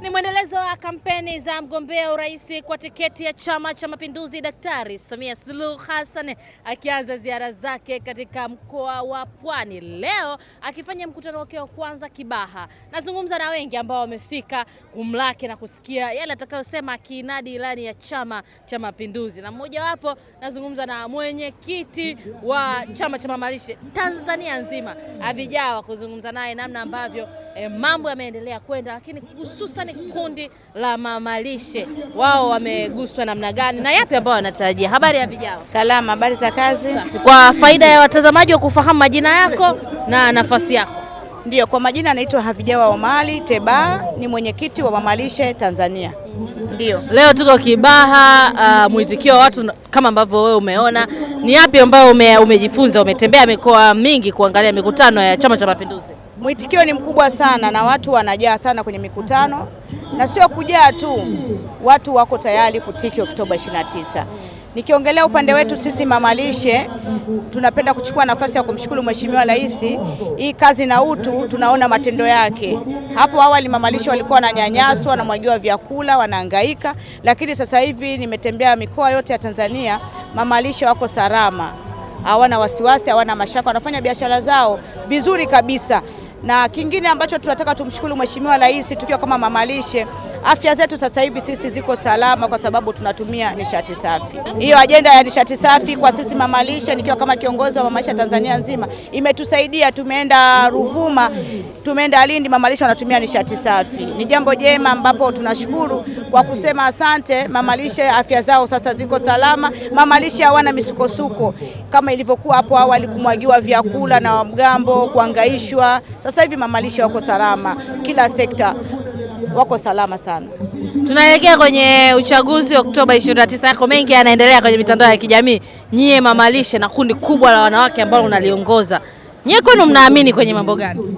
Ni mwendelezo wa kampeni za mgombea urais kwa tiketi ya Chama cha Mapinduzi, Daktari Samia Suluhu Hassan akianza ziara zake katika mkoa wa Pwani leo akifanya mkutano wake wa kwanza Kibaha. Nazungumza na wengi ambao wamefika kumlaki na kusikia yale atakayosema akiinadi ilani ya Chama cha Mapinduzi, na mmojawapo nazungumza na mwenyekiti wa chama cha mamalishe Tanzania nzima, Avijawa, kuzungumza naye namna ambavyo e, mambo yameendelea kwenda, lakini hususani kundi la mamalishe wao wameguswa namna gani na yapi ambayo wanatarajia? Habari ya vijao, salama. Habari za kazi. Kwa faida ya watazamaji wa kufahamu majina yako na nafasi yako. Ndiyo, kwa majina anaitwa Havijawa Omali Teba, ni mwenyekiti wa mamalishe Tanzania. Ndiyo, leo tuko Kibaha. Uh, mwitikio wa watu kama ambavyo wewe umeona, ni yapi ambayo ume, umejifunza? Umetembea mikoa mingi kuangalia mikutano ya Chama cha Mapinduzi mwitikio ni mkubwa sana na watu wanajaa sana kwenye mikutano, na sio kujaa tu, watu wako tayari kutiki Oktoba 29. Nikiongelea upande wetu sisi mamalishe, tunapenda kuchukua nafasi ya kumshukuru Mheshimiwa Rais. Hii kazi na utu tunaona matendo yake. Hapo awali mamalishe walikuwa wananyanyaswa, wanamwagiwa vyakula, wanahangaika, lakini sasa hivi nimetembea mikoa yote ya Tanzania, mamalishe wako salama, hawana wasiwasi, hawana mashaka, wanafanya biashara zao vizuri kabisa na kingine ambacho tunataka tumshukuru Mheshimiwa Rais tukiwa kama mamalishe Afya zetu sasa hivi sisi ziko salama kwa sababu tunatumia nishati safi. Hiyo ajenda ya nishati safi kwa sisi mamalishe, nikiwa kama kiongozi wa mamaisha Tanzania nzima, imetusaidia. Tumeenda Ruvuma, tumeenda Lindi, mamalishe wanatumia nishati safi. Ni jambo jema ambapo tunashukuru kwa kusema asante mamalishe. Afya zao sasa ziko salama, mamalishe hawana misukosuko kama ilivyokuwa hapo awali, kumwagiwa vyakula na mgambo, kuangaishwa. Sasa hivi mamalishe wako salama kila sekta wako salama sana. Tunaelekea kwenye uchaguzi Oktoba 29. Yako mengi yanaendelea kwenye mitandao ya kijamii. Nyie mamalishe na kundi kubwa la wanawake ambao unaliongoza nyie, kwenu mnaamini kwenye mambo gani?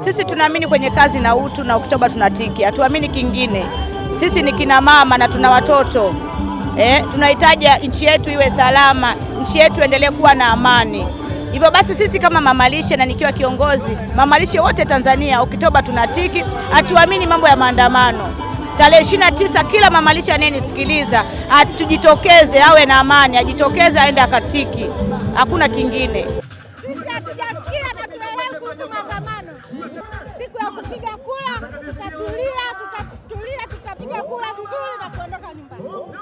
Sisi tunaamini kwenye kazi na utu na Oktoba tunatiki, hatuamini kingine. Sisi ni kina mama na tuna watoto eh, tunahitaji nchi yetu iwe salama, nchi yetu endelee kuwa na amani. Hivyo basi sisi kama mamalishe na nikiwa kiongozi mamalishe wote Tanzania, Oktoba tunatiki, hatuamini mambo ya maandamano. Tarehe ishirini na tisa kila mamalishe anayenisikiliza atujitokeze, awe na amani, ajitokeze aende akatiki, hakuna kingine. Sisi hatujasikia na tuelewe kuhusu maandamano. Siku ya kupiga kura tutatulia, tutatulia, tutapiga kura vizuri na kuondoka nyumbani.